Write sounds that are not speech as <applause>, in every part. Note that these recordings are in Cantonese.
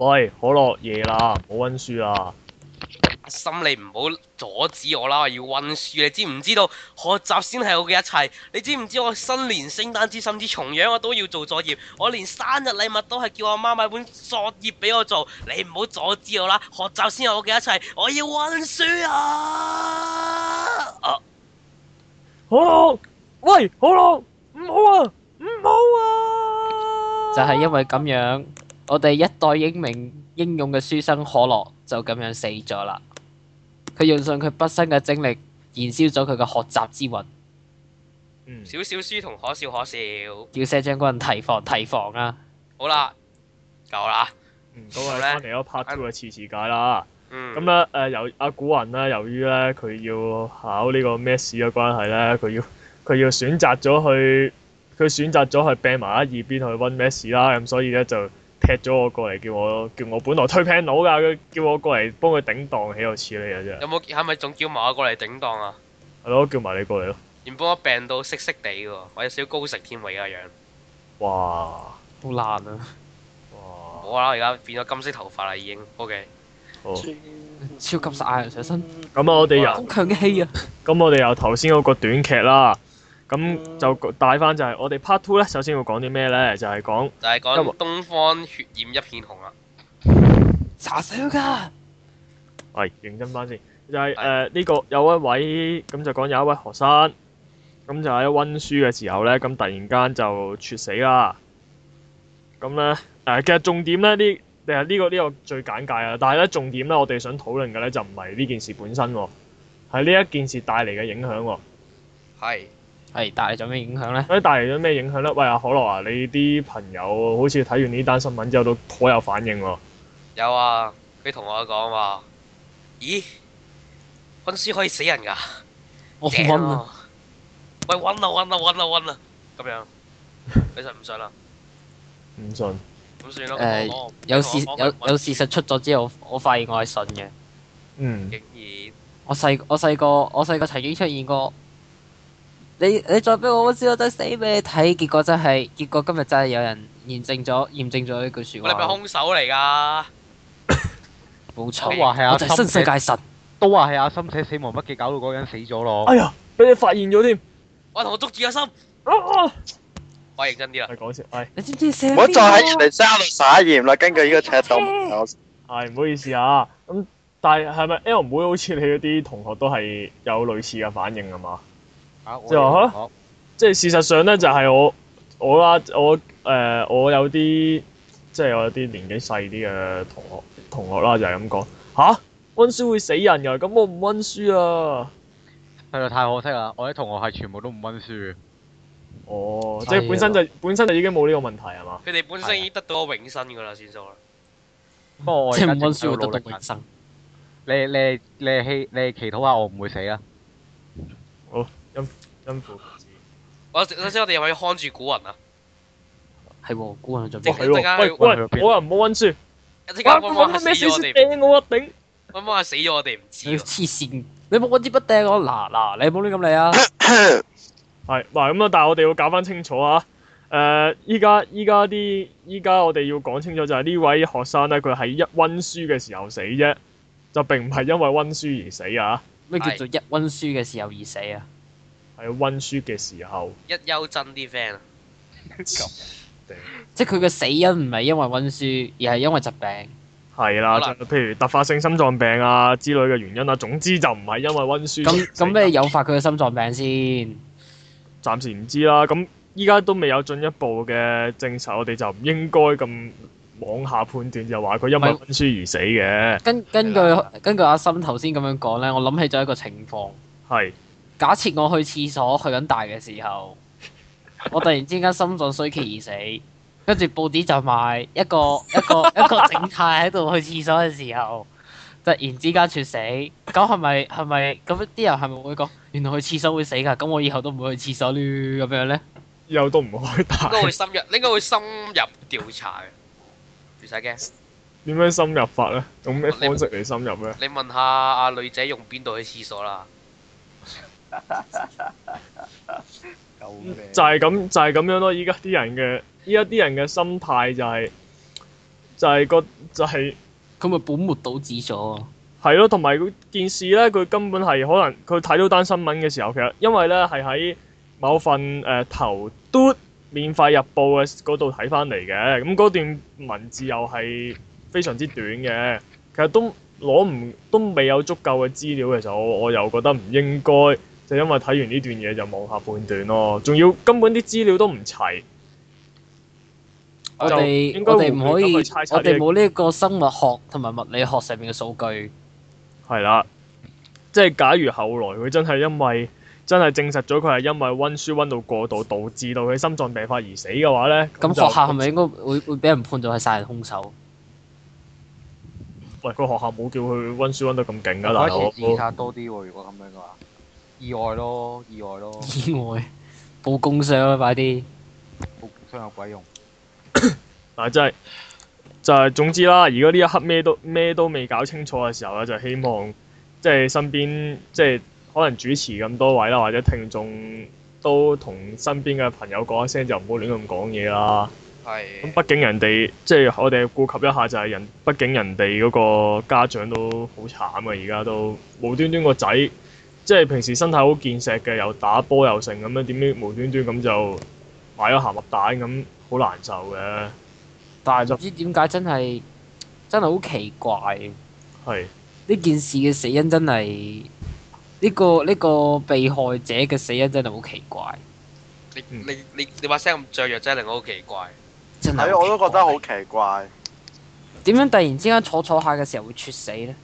喂，可樂夜啦，唔好溫書啦！心理唔好阻止我啦，我要溫書，你知唔知道？學習先係我嘅一切，你知唔知我新年、聖誕節甚至重陽我都要做作業？我連生日禮物都係叫阿媽買本作業俾我做，你唔好阻止我啦！學習先係我嘅一切，我要溫書啊！好、啊、可樂，喂，可樂，唔好啊，唔好啊！就係因為咁樣。我哋一代英明英勇嘅書生可樂就咁樣死咗啦。佢用上佢畢生嘅精力，燃燒咗佢嘅學習之魂。嗯，少少書同可笑可笑。叫謝將軍提防提防啊！好啦，夠啦，咁啊，翻嚟咗拍 a r t t 嘅遲遲解啦。咁咧，誒，由阿古雲咧，由於咧佢要考呢個 M.S. 嘅關係咧，佢要佢要選擇咗去，佢選擇咗去病埋一耳邊去溫 M.S. 啦。咁所以咧就。劈咗我過嚟，叫我叫我本來推 pen 佬噶，佢叫我過嚟幫佢頂檔，豈有此理啊啫。有冇係咪仲叫埋我過嚟頂檔啊？係咯，叫埋你過嚟咯。原本我病到色色地喎，我有少高食添，為個樣。哇！好爛啊！哇！我而家變咗金色頭髮啦，已經。O K。好。超級晒呀上身。咁我哋又。強氣啊！咁我哋又頭先嗰個短劇啦。咁就帶翻就係我哋 part two 咧，首先要講啲咩咧？就係、是、講就係講東方血染一片紅啦，炸死咗㗎！係、哎、認真翻先，就係誒呢個有一位咁就講有一位學生，咁就喺温書嘅時候咧，咁突然間就猝死啦。咁咧誒，其實重點咧呢，其呢、呢個呢、呢個最簡介啊，但係咧重點咧，我哋想討論嘅咧就唔係呢件事本身喎、哦，係呢一件事帶嚟嘅影響喎、哦，係。係，帶嚟咗咩影響咧？咁啲帶嚟咗咩影響咧？喂，阿可樂啊，你啲朋友好似睇完呢單新聞之後都好有反應喎。有啊，佢同我講話，咦，溫書可以死人㗎？我唔溫啊！溫啊喂，溫啊，溫啊，溫啊，溫啊。」咁樣，你信唔信啊？唔信。 <laughs> 咁算囉。誒，有事、呃、有事有，有事實出咗之後，我發現我係信嘅。嗯。竟然。我細我細個我細個曾經出現過。你你再俾我，我知我得死俾你睇，結果真係，結果今日真係有人驗證咗驗證咗呢句說話。你係咪兇手嚟噶？冇錯。 <laughs> 界都話係世界神。都話係阿心死死亡筆記搞到嗰人死咗咯。哎呀，俾你發現咗添。我同我捉住阿心。啊啊我認真啲啦。係講笑。哎、你知唔知、啊？我再喺人哋沙度撒鹽啦。根據呢個尺度。係、啊，唔、哎、好意思啊。咁，但係係咪 L 唔會好似你嗰啲同學都係有類似嘅反應啊嘛？即係話即係事實上咧就係我我啦，我誒我有啲即係我有啲年紀細啲嘅同學同學啦，就係咁講吓，溫書會死人噶，咁我唔溫書啊，係啊太可惜啦，我啲同學係全部都唔溫書，哦，即係本身就本身就已經冇呢個問題係嘛，佢哋本身已經得到永生噶啦，算數啦，即係唔溫書會得到永生，你你你係你係祈禱下我唔會死啊？因苦唔止。我我知，我哋又可以看住古人啊。係喎，古人在邊啊？即係唔好溫書。一即刻咩書？我啊！頂。搵翻死咗，我哋唔知。要黐線！你冇搵支筆掟我。嗱嗱，你冇亂咁理啊！係。嗱咁啊，但係我哋要搞翻清楚啊。誒，依家依家啲依家我哋要講清楚就係呢位學生咧，佢係一溫書嘅時候死啫，就並唔係因為溫書而死啊。咩叫做一溫書嘅時候而死啊？喺溫書嘅時候，一休真啲 friend 啊，即係佢嘅死因唔係因為溫書，而係因為疾病。係啦，譬如突發性心臟病啊之類嘅原因啊，總之就唔係因為溫書。咁咁，咩誘發佢嘅心臟病先？暫時唔知啦。咁依家都未有進一步嘅證實，我哋就唔應該咁往下判斷，就話佢因為溫書而死嘅。根根據根據阿森頭先咁樣講咧，我諗起咗一個情況。係。假設我去廁所去緊大嘅時候，我突然之間心臟衰竭而死，跟住報紙就買一個一個 <laughs> 一個整態喺度去廁所嘅時候，突然之間猝死，咁係咪係咪咁，啲人係咪會講，原來去廁所會死㗎，咁我以後都唔會去廁所咧，咁樣咧，以後都唔開大，應該會深入，應該會深入調查嘅，唔使 g 點樣深入法咧，用咩方式嚟深入咧？你問下阿女仔用邊度去廁所啦。 <laughs> 救命 就係咁，就係、是、咁樣咯。依家啲人嘅依家啲人嘅心態就係、是、就係、是、個就係咁咪本末倒置咗？係 <laughs> 咯，同埋件事咧，佢根本係可能佢睇到單新聞嘅時候，其實因為咧係喺某份誒、呃、頭嘟免費日報嘅嗰度睇翻嚟嘅。咁嗰段文字又係非常之短嘅，其實都攞唔都未有足夠嘅資料嘅時候。其實我我又覺得唔應該。就因為睇完呢段嘢就望下半段咯，仲要根本啲資料都唔齊。我哋們 應該唔可以，些我哋冇呢個生物學同埋物理學上面嘅數據。係啦、啊，即係假如後來佢真係因為真係證實咗佢係因為温書温到過度，導致到佢心臟病發而死嘅話咧，咁那 就學校係咪應該會會俾人判做係殺人兇手？喂，個學校冇叫佢温書温到咁勁㗎，嗱我自查多啲喎。如果咁樣嘅話。意外咯，意外咯！意外報工傷啦，快啲！報工傷有鬼用？嗱，即 <coughs> 係、啊、就係、是就是、總之啦。如果呢一刻咩都咩都未搞清楚嘅時候咧，就希望即係、嗯、身邊即係、就是、可能主持咁多位啦，或者聽眾都同身邊嘅朋友講一聲，就唔好亂咁講嘢啦。係是。咁畢竟人哋即係我哋顧及一下就，就係人畢竟人哋嗰個家長都好慘嘅，而家都無端端個仔。即係平時身體好健碩嘅，又打波又成咁樣，點知無端端咁就買咗鹹鴨蛋咁，好難受嘅。但係就唔知點解真係真係好奇怪。係是。呢件事嘅死因真係呢、呢個呢、呢個被害者嘅死因真係好奇怪。你、嗯、你你你把聲咁雀躍真係令我好奇怪。真係。我都覺得好奇怪。點樣突然之間坐坐下嘅時候會猝死咧？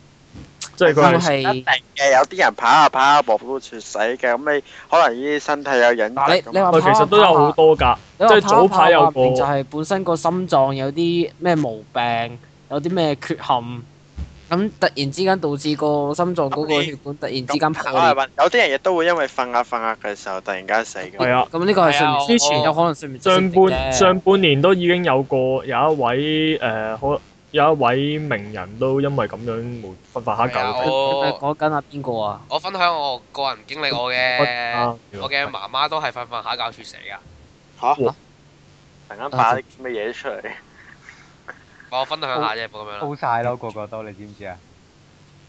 即係佢係一有啲人跑下、啊、跑下步到猝死嘅。咁你可能呢啲身體有隱疾，欸啊、其實都有好多㗎。即係、啊啊、早排、啊啊、有過就係本身個心臟有啲咩毛病，有啲咩缺陷，咁、嗯嗯、突然之間導致個心臟嗰個血管突然之間裂、嗯嗯、跑、啊嗯。有啲人亦都會因為瞓下瞓下嘅時候突然間死。係啊、嗯，咁呢個係上之前有可能上半上半年都已經有過有一位誒可。呃好有一位名人都因為咁樣冇瞓瞓下覺，講緊啊邊個啊？我分享我個人經歷我嘅，我嘅媽媽都係瞓瞓下覺猝死噶。嚇？突然間擺啲乜嘢出嚟？我分享下啫，咁樣啦。好曬啦！個個都你知唔知啊？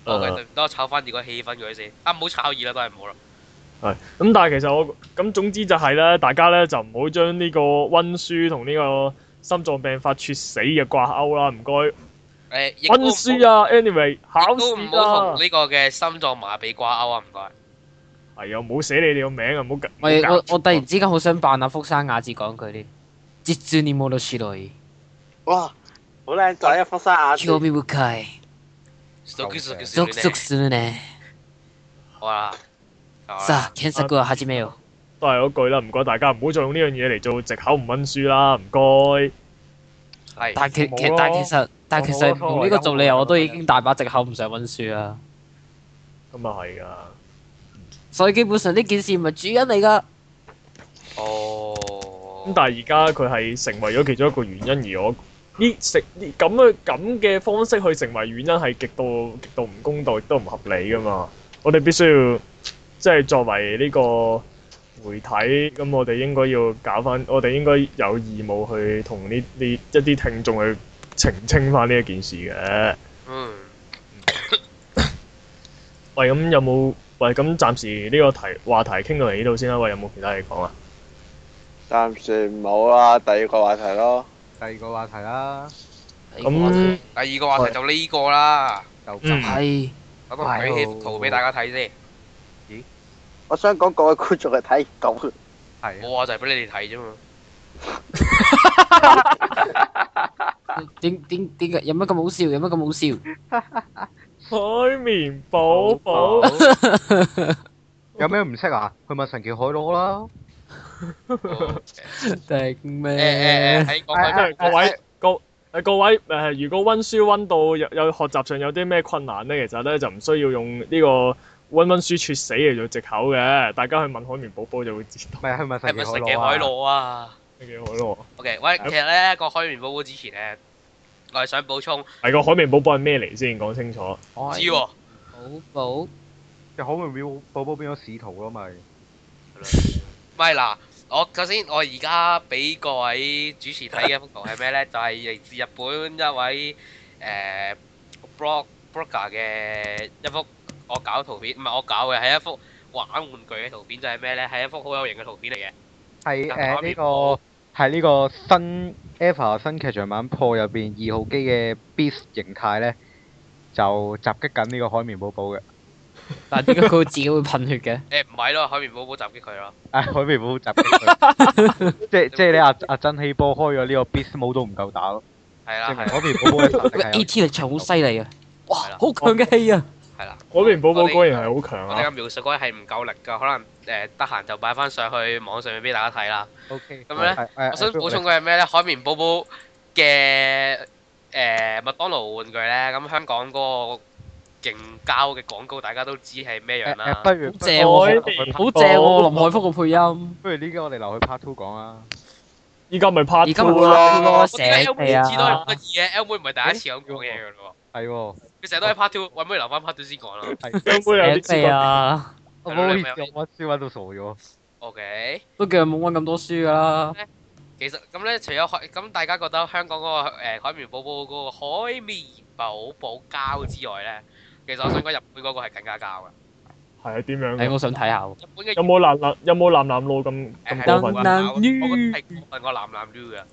唔好炒翻啲個氣氛佢先，啊唔好炒熱啦，都係唔好啦。係咁，但係其實我咁總之就係咧，大家咧就唔好將呢個溫書同呢個。心臟病發猝死就掛鈎啦，唔該。誒，溫書啊，anyway，考啦。都唔好同呢個嘅心臟麻痹掛鈎啊，唔該。係啊，唔好寫你哋個名啊，唔好。唔係我我突然之間好想扮阿福山雅治講佢啲折紙念魔法少女。哇！好靚仔阿福山雅治。興味深い。続続するね。わあ。さあ、検索を始めよう。都係嗰句啦，唔該，大家唔好再用呢樣嘢嚟做借口，唔溫書啦。唔該，係但其其但其實但其實用呢個做理由，我都已經大把借口唔想溫書啦。咁啊，係噶。所以基本上呢件事唔係主因嚟噶。哦。咁但係而家佢係成為咗其中一個原因，而我呢咁樣咁嘅咁嘅方式去成為原因，係極度極度唔公道，亦都唔合理噶嘛。我哋必須要即係作為呢個。媒體咁，我哋應該要搞翻，我哋應該有義務去同呢啲一啲聽眾去澄清翻呢一件事嘅。嗯 <laughs> 喂有有。喂，咁有冇？喂，咁暫時呢個題話題傾到嚟呢度先啦。喂，有冇其他嘢講啊？暫時唔好啦，第二個話題咯。第二個話題啦、啊。咁第、嗯、第二個話題喂就呢個啦。嗯。係、嗯。咁，舉起幅圖俾大家睇先。我想講，各位觀眾係睇狗，係、啊，我就係俾你哋睇啫嘛。點點點解有乜咁好笑？有乜咁好笑？海綿寶寶。寶寶 <laughs> 有咩唔識啊？佢咪神奇海螺啦。定咩？欸欸、 <laughs> 各位各誒、欸、各位誒、呃，如果溫書溫度有有學習上有啲咩困難咧，其實咧就唔需要用呢、這個。溫溫書猝死嚟做藉口嘅。大家去問海綿寶寶就會知道。唔係，咪係咪神奇海螺啊？神奇海螺、啊。 <laughs> o、okay, K，喂，嗯、其實咧個海綿寶寶之前咧，我係想補充。係個海綿寶寶係咩嚟？先講清楚。我、哦、知。寶寶寶。個海綿寶寶寶變咗使徒咯，咪。係 <laughs> <laughs> 啦。唔係嗱，我首先我而家俾各位主持睇嘅幅圖係咩咧？就係、是、嚟自日本一位誒 blog blogger 嘅一幅。我搞圖片唔係我搞嘅，係一幅玩玩具嘅圖片，就係咩咧？係一幅好有型嘅圖片嚟嘅。係誒呢個係呢個新《Eva》新劇場版破入邊二號機嘅 Beast 形態咧，就襲擊緊呢個海綿寶寶嘅。但係點解佢會自己會噴血嘅？誒唔係咯，海綿寶寶襲擊佢咯。誒，海綿寶寶襲擊佢。即係即係你阿阿真氣波開咗呢個 Beast 毛都唔夠打咯。係啦，係海綿寶寶嘅 AT 力場好犀利啊！哇，好強嘅氣啊！係啦，海綿寶寶果然係好強啊！我哋嘅描述果然係唔夠力㗎，可能誒得閒就擺翻上去網上面俾大家睇啦。OK，咁咧，我想補充嘅係咩咧？海綿寶寶嘅誒麥當勞玩具咧，咁香港嗰個勁膠嘅廣告大家都知係咩樣啦。不如好正喎，好正喎，林海峰嘅配音。不如呢家我哋留去 part two 講啊。依家咪 part two 啦。我記得 El 妹知道好多嘢，El 妹唔係第一次咁講嘢㗎啦喎。係喎。佢成日都喺 part two，我可唔可以留翻 part two 先講咯。揾妹有啲肥啊！唔好意思，溫書溫到傻咗。OK，都叫冇溫咁多書啦。其實咁咧，除咗海，咁大家覺得香港嗰個誒《海綿寶寶》嗰個海綿寶寶膠之外咧，其實我想講日本嗰個係更加膠嘅。係啊？點樣？誒，我想睇下喎。日本嘅有冇藍藍，有冇藍藍路咁咁多粉膠？我係問個藍藍豬啊！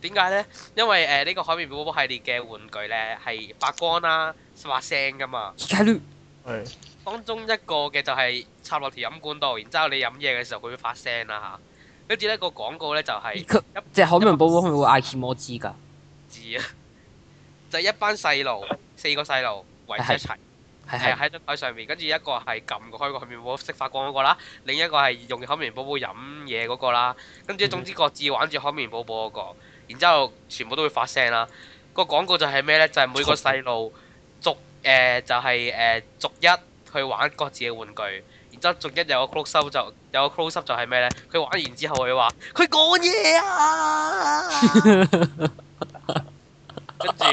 點解咧？因為誒呢個海綿寶寶系列嘅玩具咧係發光啦，發聲噶嘛。係當中一個嘅就係插落條飲管度，然之後你飲嘢嘅時候佢會發聲啦吓。跟住咧個廣告咧就係一隻海綿寶寶會嗌，切魔之噶。知啊，就一班細路，四個細路圍住一齊，係係喺張台上面。跟住一個係撳個開個海綿寶寶識發光嗰個啦，另一個係用海綿寶寶飲嘢嗰個啦。跟住總之各自玩住海綿寶寶嗰個。然之後全部都會發聲啦。個廣告就係咩呢？就係、是、每個細路逐誒、呃、就係、是、誒、呃、逐一去玩各自嘅玩具，然之後逐一有個 closeup 就，有個 closeup 就係咩呢？佢玩完之後佢話：佢講嘢啊！跟住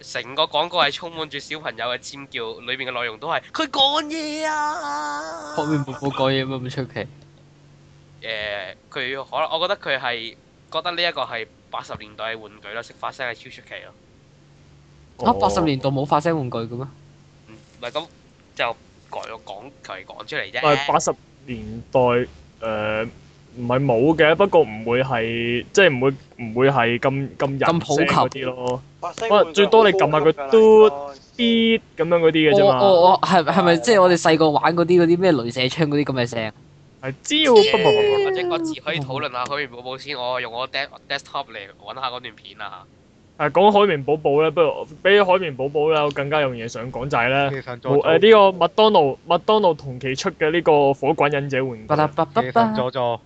成個廣告係充滿住小朋友嘅尖叫，裏面嘅內容都係佢講嘢啊！佢冇講嘢咩咁出奇？佢可能我覺得佢係覺得呢一個係，八十年代嘅玩具啦，識發聲係超出奇咯。啊，八十年代冇發聲玩具嘅咩？唔係咁就改咗講佢講出嚟啫。八十年代誒唔係冇嘅，不過唔會係即係唔會唔會係咁咁咁普及啲咯。哇！最多你撳下佢嘟啲咁樣嗰啲嘅啫嘛。我我係係咪即係我哋細個玩嗰啲嗰啲咩鐳射槍嗰啲咁嘅聲？係知喎。我可以討論下《海綿寶寶》先，我用我 desk desktop 嚟揾下嗰段片啦，啊、嚇。誒講《海綿寶寶》咧，不如俾比起《海綿寶寶》咧，我更加有嘢想講就係咧誒呢個麥當勞麥當勞同期出嘅呢個火滾忍者玩具。助助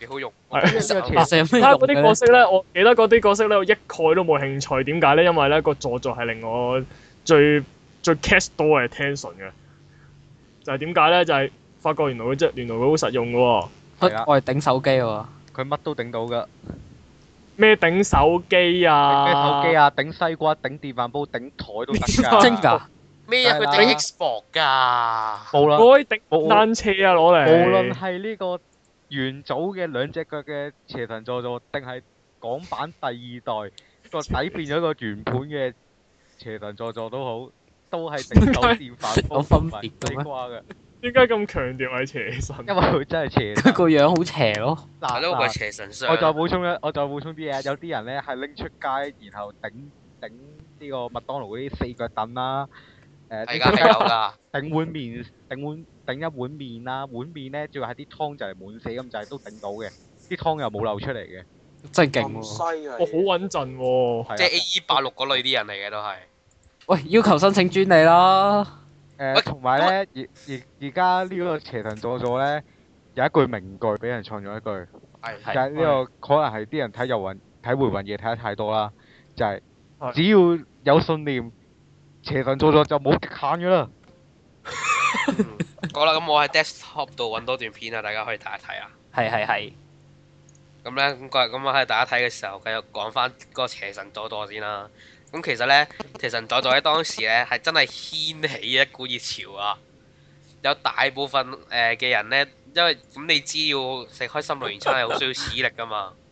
幾好用。其他嗰啲角色咧，我記得嗰啲角色咧，我一概都冇興趣。點解咧？因為咧個座座係令我最最 catch 多嘅 attention 嘅，就係點解咧？就係發覺原來佢真原來佢好實用嘅喎。 <laughs> 寫的係啦，我係頂手機喎，佢乜都頂到噶。咩頂手機啊？咩手機啊，頂西瓜，頂電飯煲，頂台都得噶。真噶？咩啊？佢頂 Xbox 噶。無論頂單車啊，攞嚟。無論係呢個元祖嘅兩隻腳嘅斜臀座座，定係港版第二代個底變咗個圓盤嘅斜臀座座都好，都係頂到電飯煲、西瓜嘅。點解咁強調係邪神？因為佢真係 <laughs> 邪，佢個樣好邪咯。嗱、啊，呢個係邪神。我再補充一，我再補充啲嘢。有啲人咧係拎出街，然後頂頂呢個麥當勞嗰啲四腳凳啦，誒、呃，頂碗麵，頂碗頂一碗麵啦，碗麵咧，最係啲湯就係滿死咁，就係都頂到嘅，啲湯又冇漏出嚟嘅，真係勁喎，我好穩陣喎，哦、即係 A E 八六嗰類啲人嚟嘅都係。喂，要求申請專利啦。誒，同埋咧，而而而家呢、欸、個邪神佐佐咧，有一句名句俾人創咗一句，是是就係呢個可能係啲人睇遊魂、睇回魂嘢睇得太多啦，就係、是、只要有信念，邪神佐佐就冇極限嘅啦。嗯、 <laughs> 好啦，咁我喺 desktop 度揾多段片啊，大家可以睇一睇啊。係係係。咁咧，咁日咁我喺大家睇嘅時候，繼續講翻個邪神佐佐先啦。咁其實咧，其實代代在座喺當時咧，係真係掀起一股熱潮啊！有大部分誒嘅、呃、人咧，因為咁、嗯、你知要食開心樂園餐係好需要恥力㗎嘛。 <laughs>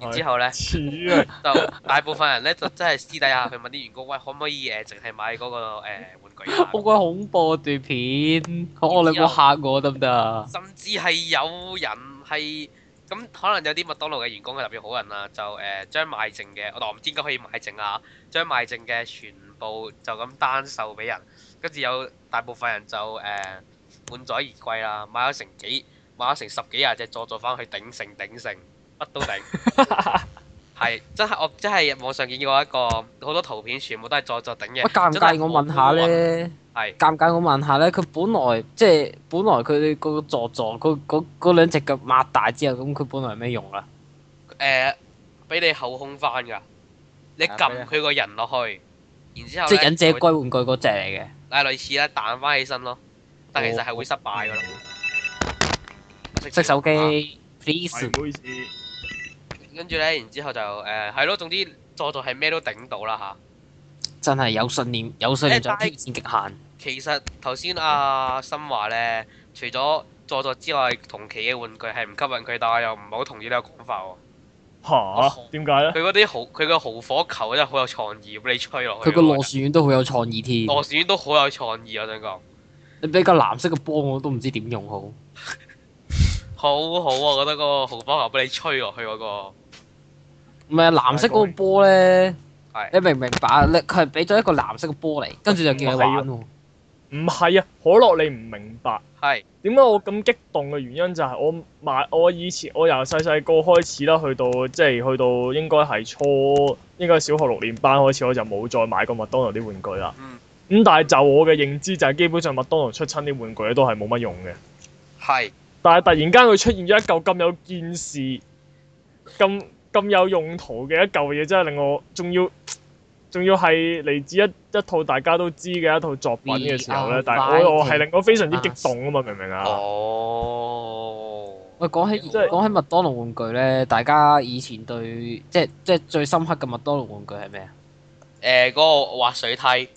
然之後咧，就 <laughs> <laughs> 大部分人咧就真係私底下去問啲員工，喂，可唔可以誒淨係買嗰、那個、呃、玩具？好鬼恐怖啊！段片，我你冇嚇我得唔得？甚至係有人係。咁、嗯、可能有啲麥當勞嘅員工係特別好人啦、啊，就誒、呃、將賣剩嘅，嗱、呃、唔知點解可以賣剩啊，將賣剩嘅全部就咁單售俾人，跟住有大部分人就誒、呃、滿載而歸啦，買咗成幾買咗成十幾廿隻，坐坐翻去鼎盛鼎盛乜都頂。 <laughs> 係，即係我即係網上見過一個好多圖片，全部都係座座頂嘅。我尐唔尐我問下咧，係尐唔尐我問下咧，佢的本來即係、就是、本來佢嗰個座座，佢嗰嗰兩隻腳擘大之後，咁佢本來係咩用啊？誒、欸，俾你後空翻噶，你撳佢個人落去，啊、然之後即係忍者龜玩具嗰隻嚟嘅，係類似啦，彈翻起身咯，但其實係會失敗噶咯。熄手機，please 唔好意思。跟住呢，然之後就誒係咯，總之佐助係咩都頂到啦嚇！啊、真係有信念，有信念就挑戰極限。其實頭先阿森話呢，除咗佐助之外，同期嘅玩具係唔吸引佢，但係我又唔係好同意呢個講法喎。嚇蛤？點解我呢？佢嗰啲豪佢嘅豪火球真係好有創意，你吹落去。佢個螺旋丸都好有創意添。螺旋丸都好有創意，創意嗯、我想講。你比較藍色嘅波我都唔知點用好。 <laughs> <laughs> 好好啊，我覺得個豪火球俾你吹落去嗰個。唔係啊，藍色嗰個波咧，對你明唔明白啊？你佢係俾咗一個藍色嘅波嚟，跟住就叫佢玩唔係啊，啊，可樂你唔明白。係是。點解我咁激動嘅原因就係我買我以前我由細細個開始啦，去到即係、就是、去到應該係初應該係小學六年班開始我就冇再買過麥當勞啲玩具啦。咁、嗯、但係就我嘅認知就係基本上麥當勞出親啲玩具都係冇乜用嘅。係是。但係突然間佢出現咗一嚿咁有件事，咁。咁有用途嘅一嚿嘢，真係令我仲要仲要係嚟自一一套大家都知嘅一套作品嘅時候咧，Be 但係我係 by 令我非常之激動啊嘛，明唔明啊？哦，喂，講起即係講起麥當勞玩具咧，大家以前對即係即係最深刻嘅麥當勞玩具係咩啊？誒、欸，嗰、那個滑水梯。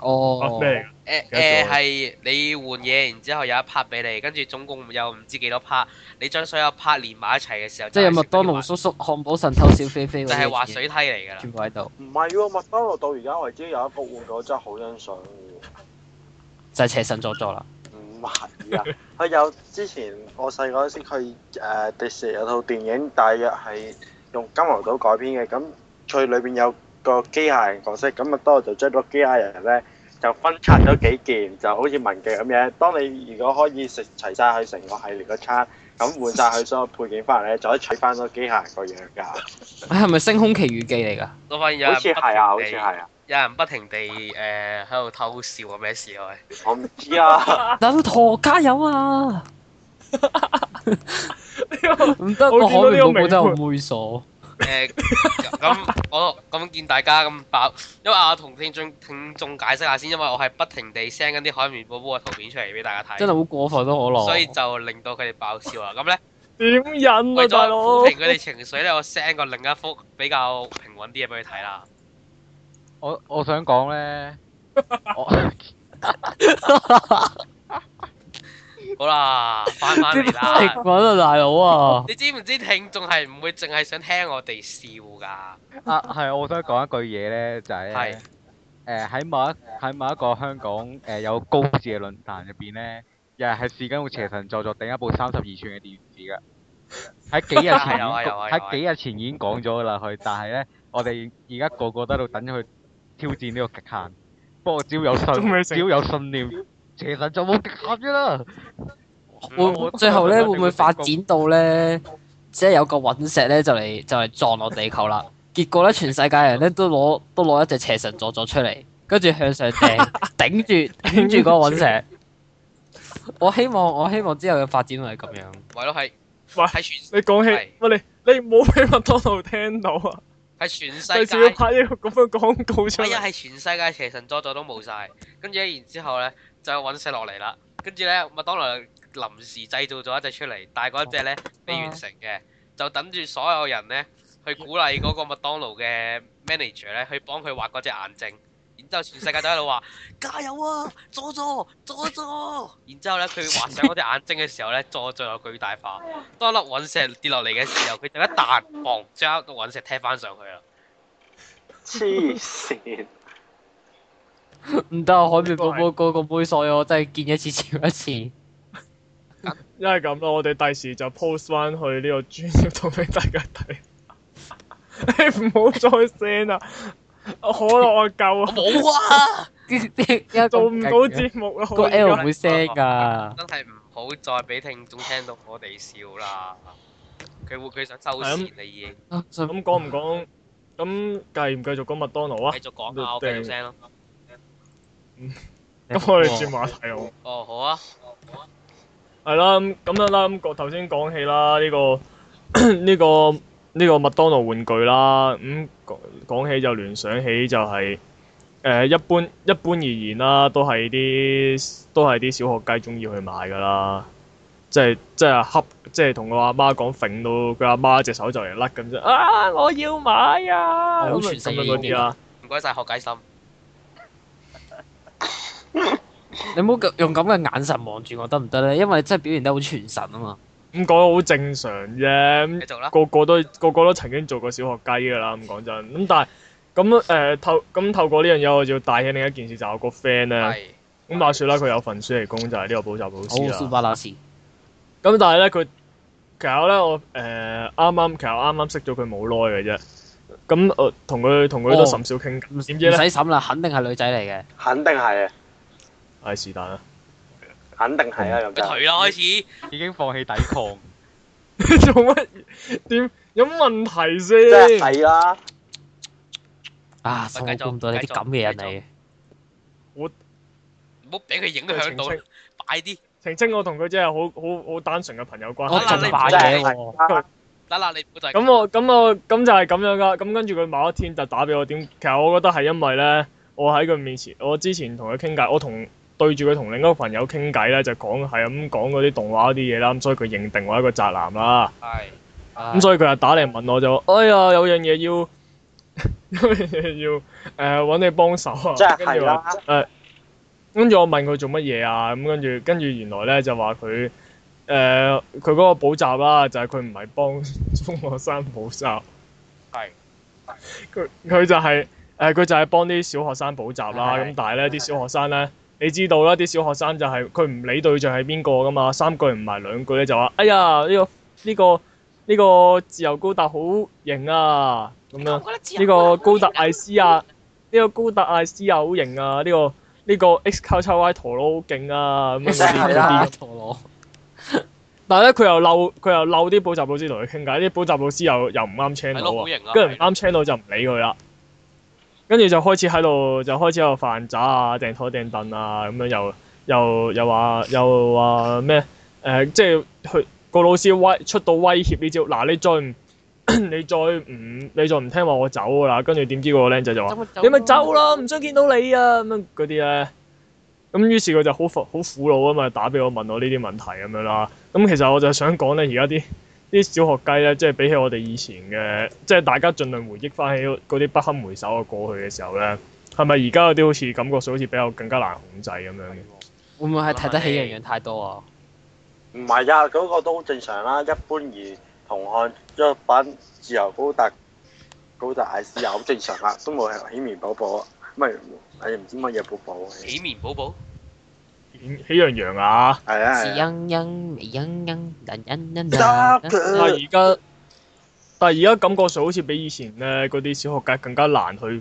哦、oh, 啊。誒係、欸欸、你換嘢，然之後有一 part 俾你，跟住總共有唔知幾多 part，你將所有 part 連埋一齊嘅時候，即係麥當勞叔叔、漢堡神偷、小飛飛，就係滑水梯嚟噶啦，全部喺度。唔係喎，麥當勞到而家為止有一幅換咗我真係好欣賞嘅。就邪神作作啦。唔係 <laughs> 啊，佢有之前我細個嗰時去誒迪士尼有套電影，大約係用金銀島改編嘅，咁佢裏邊有個機械人角色，咁麥當勞就將個機械人咧。就分拆咗幾件，就好似文具咁樣。當你如果可以食齊晒佢成個系列個餐，咁換晒佢所有配件翻嚟咧，就可以取翻個機械人個樣㗎。係咪、 <laughs> 哎《係係星空奇遇記》嚟㗎？我發現有好似係啊，好似係啊。有人不停地誒喺度偷笑啊！咩、啊呃、事啊？我唔知啊。 <laughs> 等駝加油啊！唔得，我海盜真係好猥瑣。誒，咁、 <laughs> 呃、我咁見大家咁爆，因為阿同聽眾聽眾解釋下先，因為我係不停地 send 緊啲海綿寶寶嘅圖片出嚟俾大家睇，真係好過分都好耐，所以就令到佢哋爆笑啦。咁咧點忍啊，大佬？為咗撫平佢哋情緒咧， <laughs> 我 send 個另一幅比較平穩啲嘢，俾佢睇啦。我我想講咧。好啦，翻返嚟啦，食大佬啊！你知唔知聽仲係唔會淨係想聽我哋笑噶？啊，係啊，我想講一句嘢咧，就係誒喺某一喺某一個香港誒、呃、有高智嘅論壇入邊咧，又係試緊用邪神助作，頂一部三十二寸嘅電視噶。喺幾日前，喺幾日前已經講咗啦佢，但係咧我哋而家個個都喺度等佢挑戰呢個極限。不過只要有信，只要有信念。 <laughs> 其實就冇極限噶啦。會，最後咧會唔會發展到咧，即係有個隕石咧就嚟就嚟撞落地球啦？結果咧全世界人咧都攞都攞一隻邪神座座出嚟，跟住向上頂頂住頂住個隕石。我希望我希望之後嘅發展會係咁樣，係咯係，係全你講起，喂，你你唔好俾麥當勞聽到啊！喺全世界，第二拍一個咁嘅廣告出，係全世界邪神座座都冇晒，跟住然之後咧。就隕石落嚟啦，跟住咧麥當勞臨時製造咗一隻出嚟，但係嗰一隻咧未完成嘅，就等住所有人咧去鼓勵嗰個麥當勞嘅 manager 咧去幫佢畫嗰隻眼睛，然之後全世界都喺度話加油啊，助助助助，然之後咧佢畫上嗰隻眼睛嘅時候咧助助又巨大化，當粒隕石跌落嚟嘅時候，佢就一彈望將個隕石踢翻上去啦，黐線。唔得啊！海綿寶寶哥咁猥瑣嘅，我真係見一次笑一次。因為咁咯，我哋第時就 post 翻去呢個專頁度俾大家睇。唔好再 send 啦！可樂啊，夠啊！好啊！做唔到節目啦！個 L 唔會 send 噶。真係唔好再俾聽眾聽到我哋笑啦！佢會佢想收錢嚟嘅。咁講唔講？咁繼唔繼續講麥當勞啊？繼續講啊！我繼續 send 咯。咁、嗯、我哋轉話題好。哦，好啊。係啦、啊，咁咁啦，咁頭先講起啦，呢、這個呢、 <coughs> 這個呢、這個麥當勞玩具啦，咁講講起就聯、是、想、嗯、起就係、是、誒、嗯，一般一般而言啦，都係啲都係啲小學雞中意去買㗎啦，即係即係恰，即係同、就是、我阿媽講揈到佢阿媽一隻手就嚟甩咁啫。啊，我要買啊！好全新嘅概念啊！唔該晒學雞心。你唔好用咁嘅眼神望住我得唔得咧？因為你真係表現得好全神啊嘛。咁講得好正常啫。咁個個都個個都曾經做過小學雞噶啦。咁講真。咁但係咁誒透咁透過呢樣嘢，我就要帶起另一件事，就係我個 friend 咧。咁話說啦，佢有份暑期工就係呢個補習老師。咁但係咧，佢其實咧，我誒啱啱其實啱啱識咗佢冇耐嘅啫。咁我同佢同佢都甚少傾偈。點知？唔使審啦，肯定係女仔嚟嘅。肯定係。 <noise> 係是但啦，肯定係啊。由佢啦，開始已經放棄抵抗，做乜點有問題先？係啊，啊，世界咁多，到呢啲咁嘅人嚟，我唔好俾佢影響到，快啲澄清。我同佢真係好好好單純嘅朋友關係。我唔擺嘢，我得啦，你唔就咁。我咁我咁就係咁樣噶。咁跟住佢某一天就打俾我點？其實我覺得係因為咧，我喺佢面前，我之前同佢傾偈，我同。對住佢同另一個朋友傾偈咧，就講係咁講嗰啲動畫啲嘢啦，咁所以佢認定我一個宅男啦。係。咁所以佢又打嚟問我就，哎呀有樣嘢要，有樣嘢要誒搵、呃、你幫手啊。即係啦。誒、呃，跟住我問佢做乜嘢啊？咁跟住跟住原來咧就話佢誒佢嗰個補習啦，就係佢唔係幫中學生補習。係。佢佢就係誒佢就係幫啲小學生補習啦，咁但係咧啲小學生咧。你知道啦，啲小學生就係佢唔理對象係邊個噶嘛，三句唔埋兩句咧就話：哎呀呢、這個呢、這個呢、這個自由高達好型啊咁樣，呢、這個高達艾斯啊，呢、啊、個高達艾斯啊好型啊，呢、這個呢、這個 XQY 陀螺好勁啊，咁嗰，但係咧佢又漏佢又嬲啲補習老師同佢傾偈，啲補習老師又又唔啱 c h a n 聽到啊，跟住唔啱 channel 就唔理佢啦。了跟住就開始喺度，就開始喺度煩渣啊，掟台掟凳啊，咁樣又又又話又話咩？誒、呃，即係個老師威出到威脅呢招。嗱、啊，你再唔你再唔你再唔聽話，我走噶啦。跟住點知個僆仔就話：你咪走咯，唔想見到你啊！咁樣嗰啲咧。咁、嗯、於是佢就好苦好苦惱啊嘛，打俾我問我呢啲問題咁樣啦。咁、嗯、其實我就想講咧，而家啲。啲小學雞咧，即係比起我哋以前嘅，即係大家盡量回憶翻起嗰啲不堪回首嘅過去嘅時候咧，係咪而家嗰啲好似感覺上好似比較更加難控制咁樣嘅？會唔會係睇得起人樣太多啊？唔係啊，嗰、嗰個都好正常啦。一般而同學一班自由高達高達 C 又好正常啦，都冇係起眠寶寶，唔係唔知乜嘢寶寶。起眠寶寶。喜羊羊啊！係啊係。但係而家，但係而家感覺上好似比以前咧嗰啲小學雞更加難去誒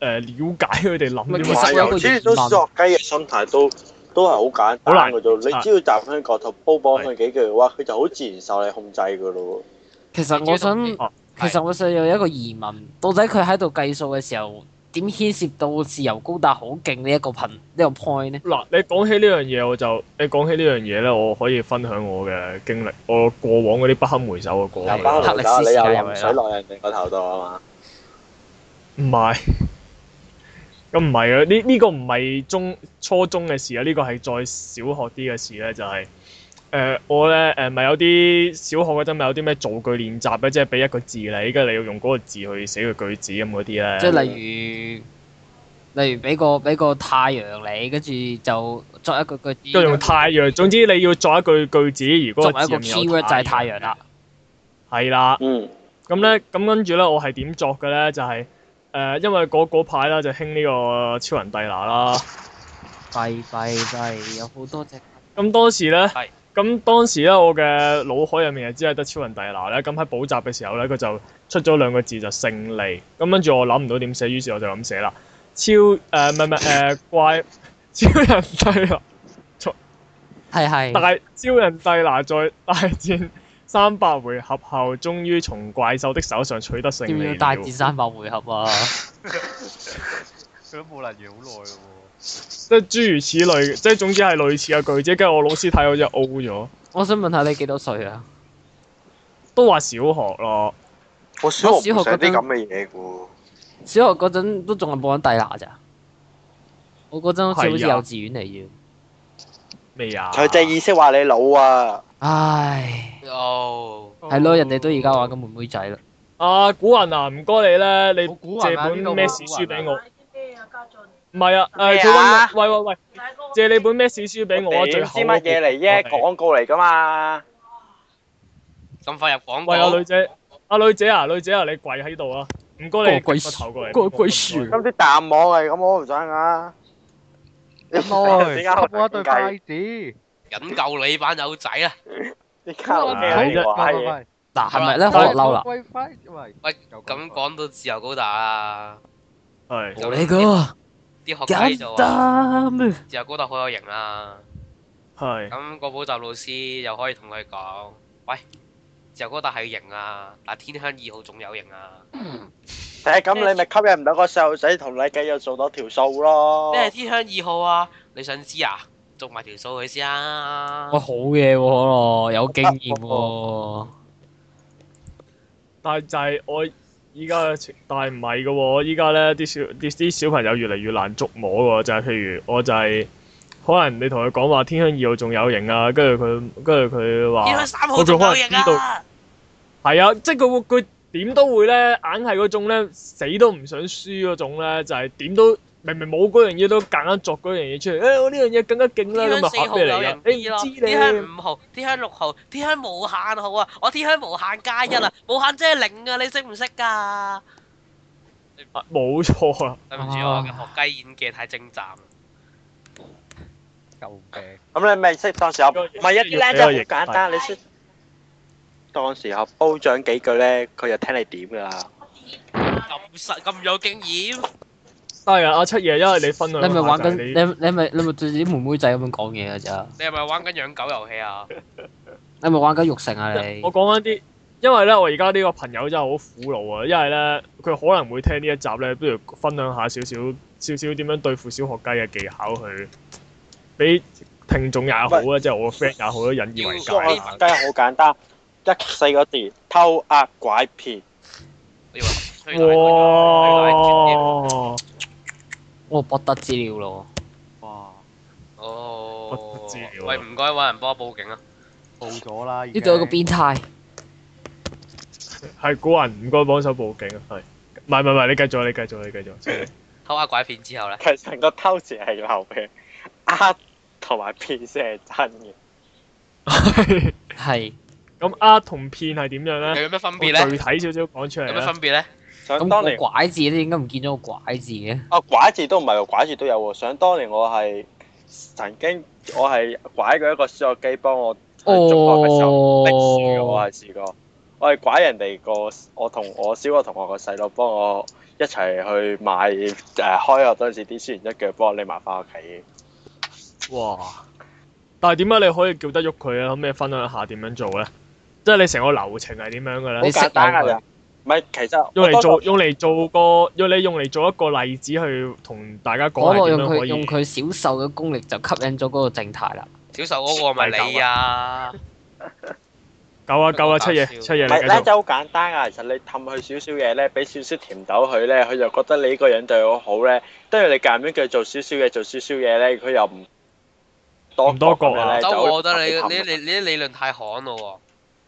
了解佢哋諗乜嘢。其實有啲小學雞嘅心態都都係好簡單。好難做啫，你只要站返個頭煲，幫佢幾句嘅話，佢就好自然受你控制嘅咯。其實我想，其實我想有一個疑問，到底佢喺度計數嘅時候，點牽涉到自由高達好勁呢一個頻呢個 point 咧？嗱，你講起呢樣嘢我就，你講起呢樣嘢咧，我可以分享我嘅經歷，我過往嗰啲不堪回首嘅過去。克里斯奇啊！的你又飲水落的人哋、 <laughs> 這個頭度啊嘛？唔係，咁唔係啊？呢呢個唔係中初中嘅事啊，呢、這個係再小學啲嘅事呢，就係、是。誒、呃、我咧誒咪有啲小學嗰陣咪有啲咩造句練習咧，即係俾一個字你，跟住你要用嗰個字去寫個句子咁嗰啲咧。即係例如，例如俾個俾個太陽你，跟住就作一句句子。用太陽，總之你要作一句句子。如果作一個字就係太陽啦。係啦。咁咧了，咁跟住咧，我係點作嘅咧？就係、是、誒、呃，因為嗰嗰排啦，就興呢個超人帝拿啦。帝帝帝，有好多隻。咁當時咧。咁當時咧，我嘅腦海入面係只係得超人帝拿咧。咁喺補習嘅時候咧，佢就出咗兩個字就勝利。咁跟住我諗唔到點寫，於是我就咁寫啦。超誒唔係唔係，誒怪 <laughs> 超人帝拿從係係，但係是超人帝拿在大戰三百回合後，終於從怪獸的手上取得勝利。要大戰三百回合啊！佢都冇人要咯喎～即係諸如此類，即係總之係類似嘅句子，跟住我老師睇我就 o 咗。我想問下你幾多歲啊？都話小學咯。我小學小學嗰陣啲咁嘅嘢噶。小學嗰陣都仲係冇緊蒂娜咋？我嗰陣好似幼稚園嚟嘅。未啊！佢就、啊、意思話你老啊！唉 out 係咯，人哋都而家玩緊妹妹仔啦。Oh. 啊，古云啊，唔該你咧，你借本咩書俾我？啊唔係啊，誒，佢搵我，喂喂喂，借你本咩史書俾我啊？知乜嘢嚟啫，廣告嚟噶嘛。咁快入廣告。喂，阿女仔，阿女仔啊，女仔啊，你跪喺度啊，唔該你個鬼頭過嚟，個鬼樹。今次彈網係咁，我唔想噶。你再插我一對筷子，咁救你班友仔啦。你插我嘅嘢，嗱係咪咧？我嬲啦。喂，咁講到自由高達啊，係你個。啲學仔就話，又高達好有型啦，係。咁個補習老師又可以同佢講，喂，又高達係型啊，嗱天香二號仲有型啊。誒，咁你咪吸引唔到個細路仔同你繼續，又做多條數咯。即係天香二號啊，你想知啊？做埋條數佢先啊。哇，好嘢喎，有經驗喎。但係就係我。依家但係唔係㗎喎，依家咧啲小啲小朋友越嚟越難捉摸喎，就係、是、譬如我就係、是、可能你同佢講話天香二號仲有型啊，跟住佢跟住佢話，啊、我仲開喺度，係啊，即係佢佢點都會咧，硬係嗰種咧死都唔想輸嗰種咧，就係、是、點都。明明冇嗰樣嘢都夾硬作嗰樣嘢出嚟，誒我呢樣嘢更加勁啦！咁咪合咩嚟噶？誒知你天香五號，天香六號，天香無限號啊！我天香無限加一啊！無限即係零啊！你識唔識噶？冇錯啊！對唔住我嘅學雞演技太精湛，救命！咁你咪識當時候，唔係一啲咧，真係好簡單。你識當時候褒獎幾句咧，佢就聽你點噶啦？咁實咁有經驗。係啊，我出嘢因為你分享。你咪 <laughs> 玩緊？你你咪你咪對啲妹妹仔咁樣講嘢㗎咋？你係咪玩緊養狗遊戲啊？ <laughs> 你係咪玩緊育成啊？你 <laughs> 我講緊啲，因為咧我而家呢個朋友真係好苦惱啊！因為咧佢可能會聽呢一集咧，不如分享下少少少少點樣對付小學雞嘅技巧去，俾聽眾也好啊，即係是我 friend 也好都 <laughs> 引以為戒啊！養雞好簡單，一四個字偷阿、啊、拐騙。 <laughs> 哇！ <laughs> 我博得資料咯。哇！哦，喂，唔該，搵人幫我報警啊。報咗啦，呢度有個變態。係古人，唔該幫手報警啊。係，唔係唔係，你繼續，你繼續，你繼續。偷呃拐騙之後咧？其實成個偷是係流嘅，呃同埋騙先係真嘅。係。咁呃同騙係點樣咧？有咩分別咧？具體少少講出嚟。有咩分別咧？咁當年拐字都應該唔見咗個拐字嘅。哦、啊，拐字都唔係喎，拐字都有喎。想當年我係曾經我係拐過一個小學雞幫我捉麥嘅時候，oh、的士嘅話係試過，我係拐人哋個，我,我同小我、呃、小學同學個細佬幫我一齊去買誒，開學嗰陣時啲書員一腳幫我拎埋翻屋企。哇！但係點解你可以叫得喐佢咧？可唔可以分享一下點樣做咧？即、就、係、是、你成個流程係點樣嘅咧？你識打唔係，其實用嚟做用嚟做個用你用嚟做一個例子去同大家講，咁樣可以。哦，用佢小受嘅功力就吸引咗嗰個正太啦。小受嗰個咪你啊！夠啊夠啊！啊七嘢，七嘢。嚟嘅。咧就好簡單啊，其實你氹佢少少嘢咧，俾少少甜豆佢咧，佢就覺得你呢個人對我好咧。跟住你夾硬叫佢做少少嘢，做少少嘢咧，佢又唔唔多個啊！我覺得你你你啲理論太狠咯。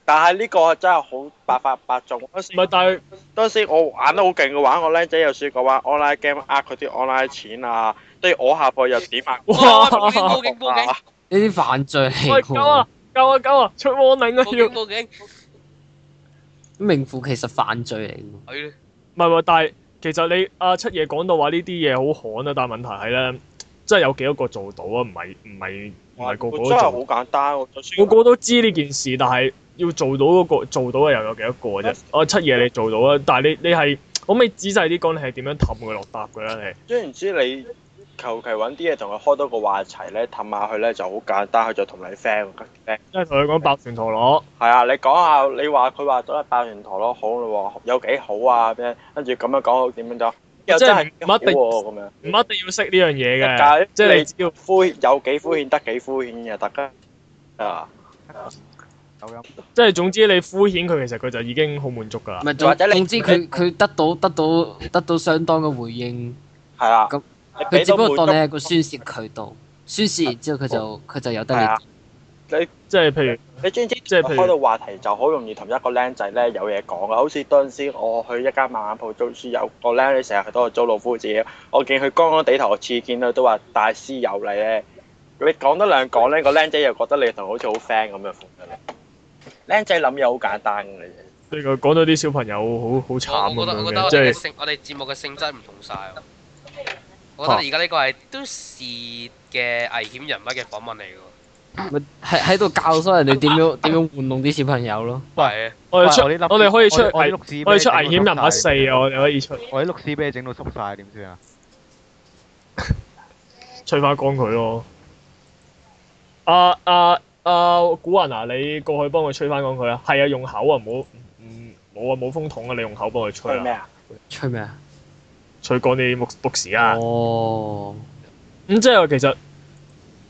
但係呢個真係好。百發百中。唔係，但係當時我玩得好勁嘅話，我僆仔有時講話 online game 呃佢啲 online 錢啊，對我下鋪又點啊？哇、啊！報警報警！呢啲犯罪嚟嘅喎。夠啦！夠啦！夠啦！出鍋頂啊要！報警報警！名副其實犯罪嚟。係咯的。唔係，但係其實你阿七爺講到話呢啲嘢好罕啊，但係問題係咧，真係有幾多個做到啊？唔係唔係唔係個個都做。真係好簡單喎！個個都知呢件事，但係。要做到嗰、那個做到嘅又有幾多個啫？我、嗯啊、七嘢你做到啊！但係你你係可唔可以仔細啲講你係點樣氹佢落搭嘅咧？你雖然之然知你求其揾啲嘢同佢開多個話題咧，氹下佢咧就好簡單，佢就同你 friend。即係同佢講百團陀螺。係啊，你講下你話佢話講百團陀螺好咯喎，有幾好啊？咩？跟住咁樣講到點樣就又真係一定咁樣，唔一定要識呢樣嘢嘅。即係就你要敷衍，有幾敷衍得幾敷衍嘅大家啊。即係總之你敷衍佢，其實佢就已經好滿足噶啦。或者你知佢佢得到得到得到相當嘅回應，係啊。佢只不過當你係個宣洩渠道，宣洩完、嗯、之後佢就佢、嗯、就由得你。啊、你即係譬如你，你，你專知唔即係開到話題就好容易同一個僆仔咧有嘢講噶。好似當時我去一間漫畫鋪，租書有個僆仔，成日去喺度租老夫子，我見佢剛剛地頭我次見到都話大師有禮咧。你講多兩講咧，那個僆仔又覺得你同好似好 friend 咁嘅僆仔諗嘢好簡單嘅啫。呢個講到啲小朋友好好慘。即係我哋性我哋節目嘅性質唔同晒。我覺得而家呢個係、就是、都市嘅危險人物嘅訪問嚟嘅。喺度教唆人哋點樣點樣玩弄啲小朋友咯。是喂，我哋出我哋可以出我哋出危險人物四啊！我哋可以出。我啲綠絲俾你整到縮晒。點算啊？ <laughs> 吹翻乾佢咯。啊啊！啊，uh, 古雲啊，你過去幫佢吹翻講佢啊。係啊，用口啊，唔好，唔冇啊，冇風筒啊，你用口幫佢吹啊，吹咩啊？吹咩啊？吹 books 啊！哦。咁即係話其實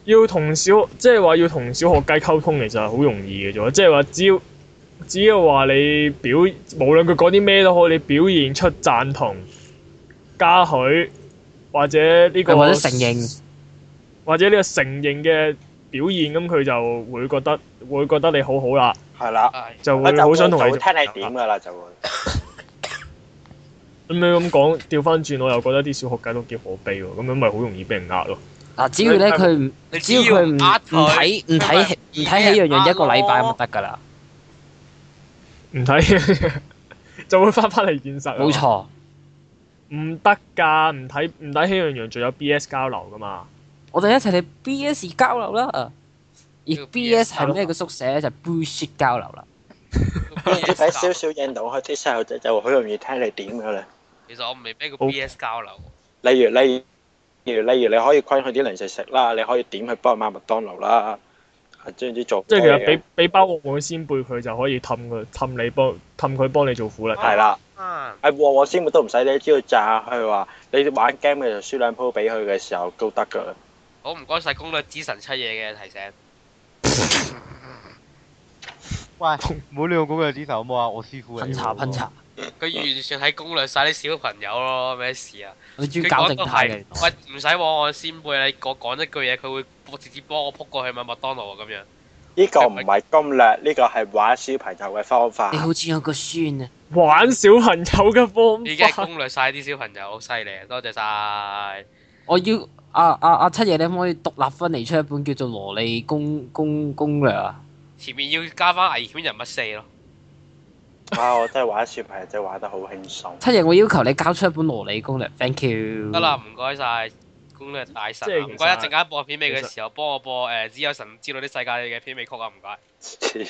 要同小，即係話要同小學雞溝通，其實係好容易嘅啫。即係話只要只要話你表，無論佢講啲咩都好，你表現出贊同、嘉許或者呢個或者承認，或者呢個承認嘅。表現咁佢就會覺得會覺得你好好啦，係啦了，就會好想同你聽你點噶啦，就會咁樣咁講，調翻轉我又覺得啲小學雞都幾可悲喎，咁樣咪好容易俾人呃咯。嗱、啊，只要咧佢，只要佢唔唔睇唔睇唔睇喜洋洋一個禮拜咁就得噶啦，唔睇不看 <laughs> 就會翻返嚟現實。冇錯，唔得㗎，唔睇唔睇喜洋洋仲有，有 B S 交流㗎嘛。我哋一齊去 B.S. 交流啦，而 B.S. 係咩個宿舍咧？就係 bullshit 交流啦。要睇少少印度啲細路仔就好容易聽你點噶啦。其實我唔係咩個 B.S. 交流。例如，例，如，例如，例如你可以昆佢啲零食食啦，你可以點佢幫佢買麥當勞啦，係將啲做。即係其實俾俾包我先背佢就可以氹佢，氹你幫氹佢幫你做苦力。係啦。啊。係喎，我先背都唔使你，只要炸佢話你玩 game 嘅時候輸兩鋪俾佢嘅時候都得噶。好唔該晒攻略之神出嘢嘅提醒。喂，唔好亂用攻略之神好冇啊？我師傅。噴茶噴茶。佢完全喺攻略晒啲小朋友咯，咩事啊？佢講嘅係，喂，唔使枉我先輩啦！我講一句嘢，佢會直接幫我撲過去咪麥當勞啊，咁樣。呢個唔係攻略，呢個係玩小朋友嘅方法。你好似有個孫啊！玩小朋友嘅方法。已經攻略晒啲小朋友，好犀利啊，多謝晒。我要。啊啊啊，七爺，你可唔可以獨立分離出一本叫做《蘿莉攻攻攻略》啊？前面要加翻危險人物四咯。啊， <laughs> 我真係玩一出牌，真係玩得好輕鬆。七爺，我要求你交出一本蘿莉攻略。Thank you。得啦，唔該晒。攻略大神。即係唔該，一陣間播片尾嘅時候，幫實我播誒、呃，只有神知道啲世界嘅片尾曲啊！唔該。即係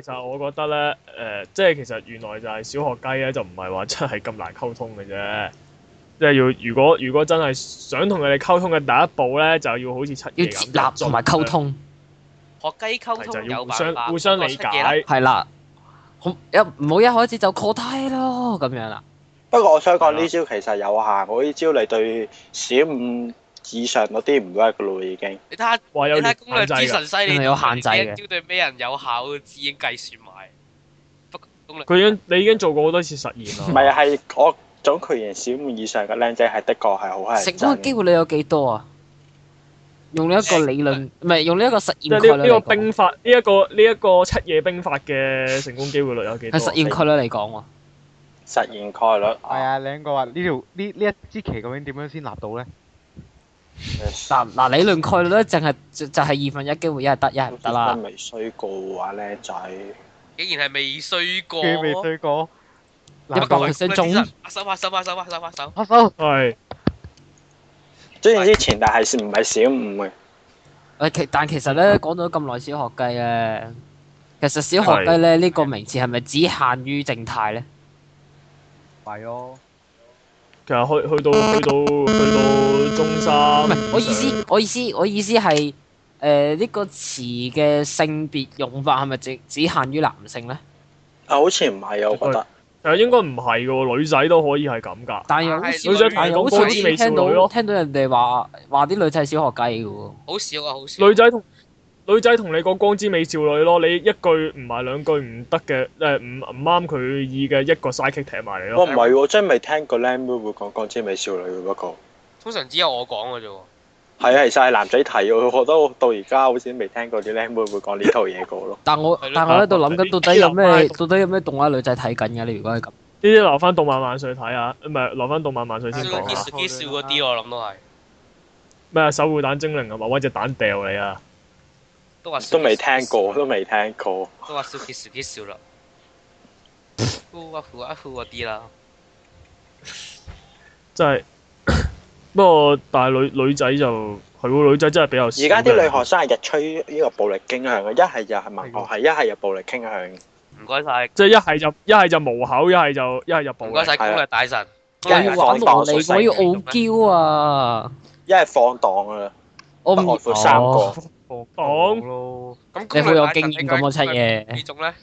其實我覺得咧，誒、呃，即係其實原來就係小學雞咧，就唔係話真係咁難溝通嘅啫。即係要，如果如果真係想同佢哋溝通嘅第一步咧，就要好似七嘢咁，要接納同埋溝通，學雞溝通，互相互相理解，係啦，一唔好一開始就 call 低咯，咁樣啦。不過我想講呢招其實有限，我呢招你對小五以上嗰啲唔得噶啦，已經。你睇下，你有功力智神犀利，你呢招對咩人有效？我已經計算埋。佢已你已經做過好多次實驗啦。唔係，係總球員少於以上嘅靚仔係的確係好閪，成功嘅機會率有幾多啊？用呢一個理論，唔係用呢一個實驗概率。呢呢個兵法，呢一個呢一個七夜兵法嘅成功機會率有幾多？喺實驗概率嚟講喎，實驗概率係啊！靚哥話呢條呢呢一支旗究竟點樣先立到咧？誒，立嗱理論概率咧，淨係就就係二分一機會，一係得一係唔得啦。未衰過啊，靚仔！竟然係未衰過，未衰過。一百零三中，手啊手啊手啊手啊手，手係、啊。即係有啲前提係唔係小五嘅？但其實咧講咗咁耐小學雞咧，啊，其實小學雞咧呢是個名詞係咪只限於靜態咧？係咯，哦。其實去去到去到去到中三，唔係，我意思是我意思我意思係誒呢個詞嘅性別用法係咪只只限於男性咧？啊，好似唔係啊，我覺得。誒應該唔係嘅喎，女仔都可以係咁噶。但係女仔好似未聽到咯，聽到人哋話話啲女仔小學雞嘅喎，好少啊，好少、啊。女仔同女仔同你講光之美少女咯，你一句唔係兩句唔得嘅，誒唔唔啱佢意嘅一個 side kick 踢埋嚟咯。唔係，我真係未聽過靚妹會講光之美少女嘅。不過，通常只有我講嘅啫喎。.係啊，其實係男仔睇我都，覺得到而家好似都未聽過啲僆妹會講呢套嘢過咯 <laughs> 。但我但我喺度諗緊，到底有咩？到底有咩動畫女仔睇緊嘅？你如果係咁，呢啲留翻《動漫萬歲》睇，呃嗯、啊，唔係留翻《動漫萬歲》先講啦。幾少？幾少？嗰啲我諗都係咩？守護蛋精靈啊嘛，喂隻蛋掉你啊！都話都未聽過，都未聽過。都話少幾少，幾少啦。都話糊一糊嗰啲啦。真係。不過，但係女女仔就係喎，女仔真係比較少。而家啲女學生係日趨呢個暴力傾向嘅，一係就係文學，係一係就暴力傾向。唔該晒。即係一係就一係就無口，一係就一係就暴力。唔該晒，攻略大神。我要玩蘿莉，我要傲嬌啊！一係放蕩啊！我唔愛過三個。放咯。咁你會有經驗咁多親嘢？呢種咧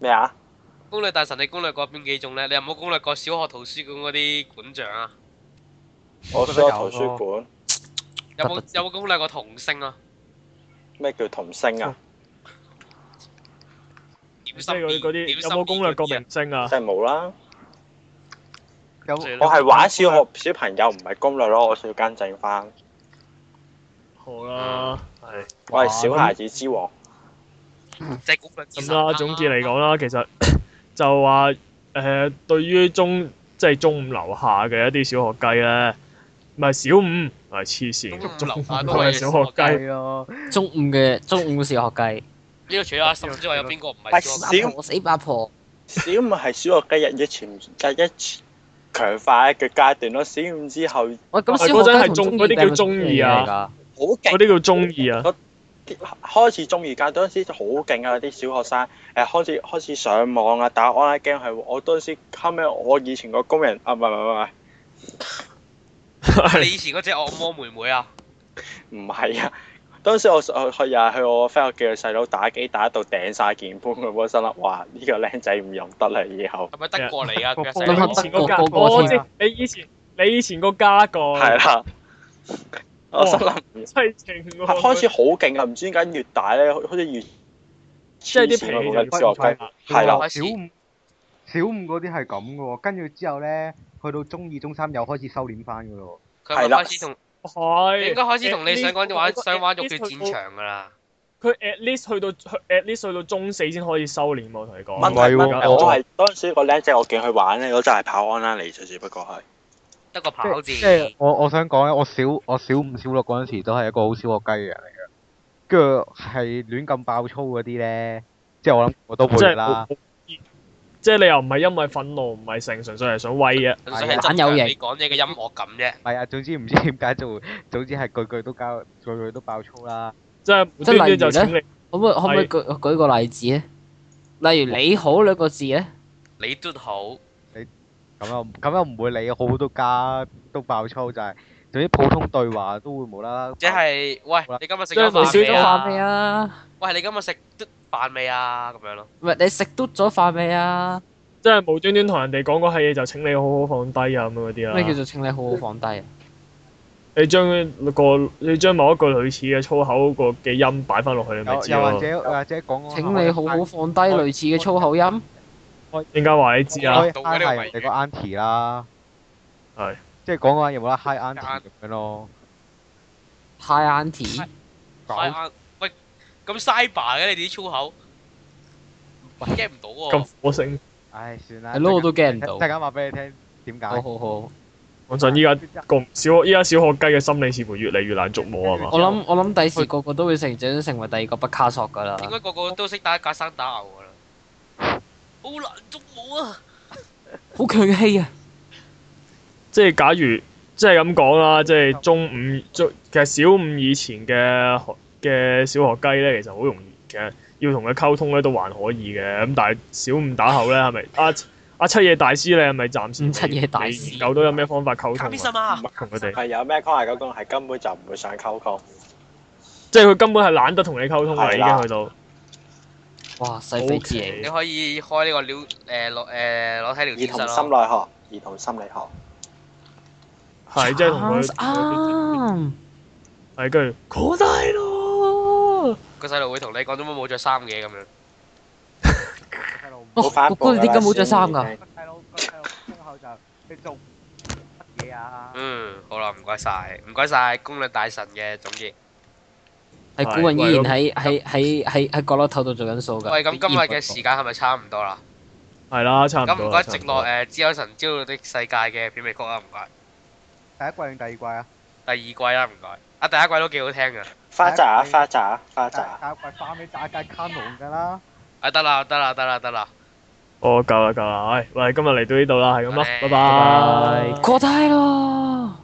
咩啊？攻略大神，你攻略過邊幾種咧？你有冇攻略過小學圖書館嗰啲館長啊？我都圖書館，有冇有冇攻略個童星啊？咩叫童星啊？即係嗰啲有冇攻略個明星啊？即係冇啦。有我係玩小學小朋友，唔係攻略咯，我需要更正翻。好啦，係我係小孩子之王。即係攻略。咁啦，總結嚟講啦，其實就話誒，對於中即係中午樓下嘅一啲小學雞咧。唔係小五，唔係黐線，中五都係小學雞咯。中五嘅中五係小學雞，呢個除咗阿三之外，有邊個唔係？阿三，我死八婆。小五係小學雞，一啲全一啲強化嘅階段咯。小五之後，我嗰陣係中嗰啲叫中二啊，好勁嗰啲叫中二啊。啲開始中二，但係嗰陣時好勁啊！啲小學生誒開始開始上網啊，打 online game 係。我當時後尾，我以前個工人啊，唔係唔係唔係。你以前嗰隻惡魔妹妹啊？唔係啊，當時我去又去我 friend 個叫佢細佬打機打到頂晒鍵盤咁嗰陣啦，哇，呢個靚仔唔用得啦以後。係咪得過你啊？你以前個加個。我即你以前你以前個家個。係啦。我心諗，淒情喎。開始好勁啊，唔知點解越大咧，好似越。以前嗰啲小學雞。係啦，小五小五嗰啲係咁噶喎，跟住之後咧。去到中二中三又開始收斂翻噶咯，佢的應該開始同，你應該開始同你想玩 At least, 想玩《肉戰戰場》噶啦。佢 at least 去到 at least 去到中四先可以收斂，我同你講。唔係喎，我係嗰陣時個靚仔，我見佢玩咧，我就係跑安啦。嚟，就只不過係得個跑字。即係我我想講咧，我小我小五小六嗰陣時都係一個好小學雞嘅人嚟嘅，跟住係亂咁爆粗嗰啲咧，即係我諗我都會啦。就是即係你又唔係因為憤怒唔係成，純粹係想威啊！純粹係真有嘢講嘅音樂感啫。係啊，總之唔知點解就總之係句句都交，句句都爆粗啦。即係即係例如咧，可唔可可唔可以舉舉個例子咧？例如你好兩個字咧，你都好。你咁又咁又唔會你好都加都爆粗，就係總之普通對話都會無啦啦。即係喂，你今日食咗飯未啊？喂，你今日食都。飯未啊，咁樣咯。喂，你食到咗飯未啊？即係無端端同人哋講嗰係嘢，就請你好好放低啊咁嗰啲啦。咩叫做請你好好放低？啊？你將個你將某一個類似嘅粗口個嘅音擺翻落去，你咪知咯。又或者或者講。請你好好放低類似嘅粗口音。應該話你知啊？可以 hi 下你個 aunty 啦。係。即係講嘅話有冇得 hi aunty 咁樣咯？Hi aunty。咁嘥吧嘅你哋啲粗口，我驚唔到啊！咁火星，唉算啦，係咯實我都驚唔到。大家話俾你聽，點解？好好好，我相信依家小學依家小學雞嘅心理似乎越嚟越難捉摸啊！我諗想有我諗第時個個都會成長成為第二個不卡索噶啦。應該個個都識打架生打，打牛噶啦，好難捉摸啊！ <laughs> 好強氣啊！即係假如即係咁講啦，即、就、係、是就是、中五，中其實小五以前嘅學嘅小學雞咧，其實好容易，嘅，要同佢溝通咧都還可以嘅。咁但係小五打後咧，係咪阿阿七嘢大師咧係咪暫時七嘢大？研究都有咩方法溝通啊？唔同佢哋係有咩溝通嘅？嗰種係根本就唔會想溝通，即係佢根本係懶得同你溝通嘅已經去到。哇！細你可以開呢個療誒攞誒攞睇療癒。兒童心理學，兒童心理學係即係同佢。嗯，係跟住。好大咯～個細路會同你講，點解冇着衫嘅咁樣。我估你點解冇着衫噶？嗯，好啦，唔該晒，唔該晒，攻略大神嘅總結。係顧問依然喺喺喺喺角落頭度做緊數噶。喂，咁今日嘅時間係咪差唔多啦？係啦，差唔多啦。咁唔該，直落《誒只有神知道的世界》嘅片尾曲啊，唔該。第一季定第二季啊？第二季啦，唔該。啊，第一季都幾好聽噶。花仔，花仔，花仔，搞鬼花你大架卡農㗎啦！哎，得啦，得啦，得啦，得啦，哦夠啦，夠啦，哎，喂，今日嚟到呢度啦，係咁啦，拜拜。過低咯～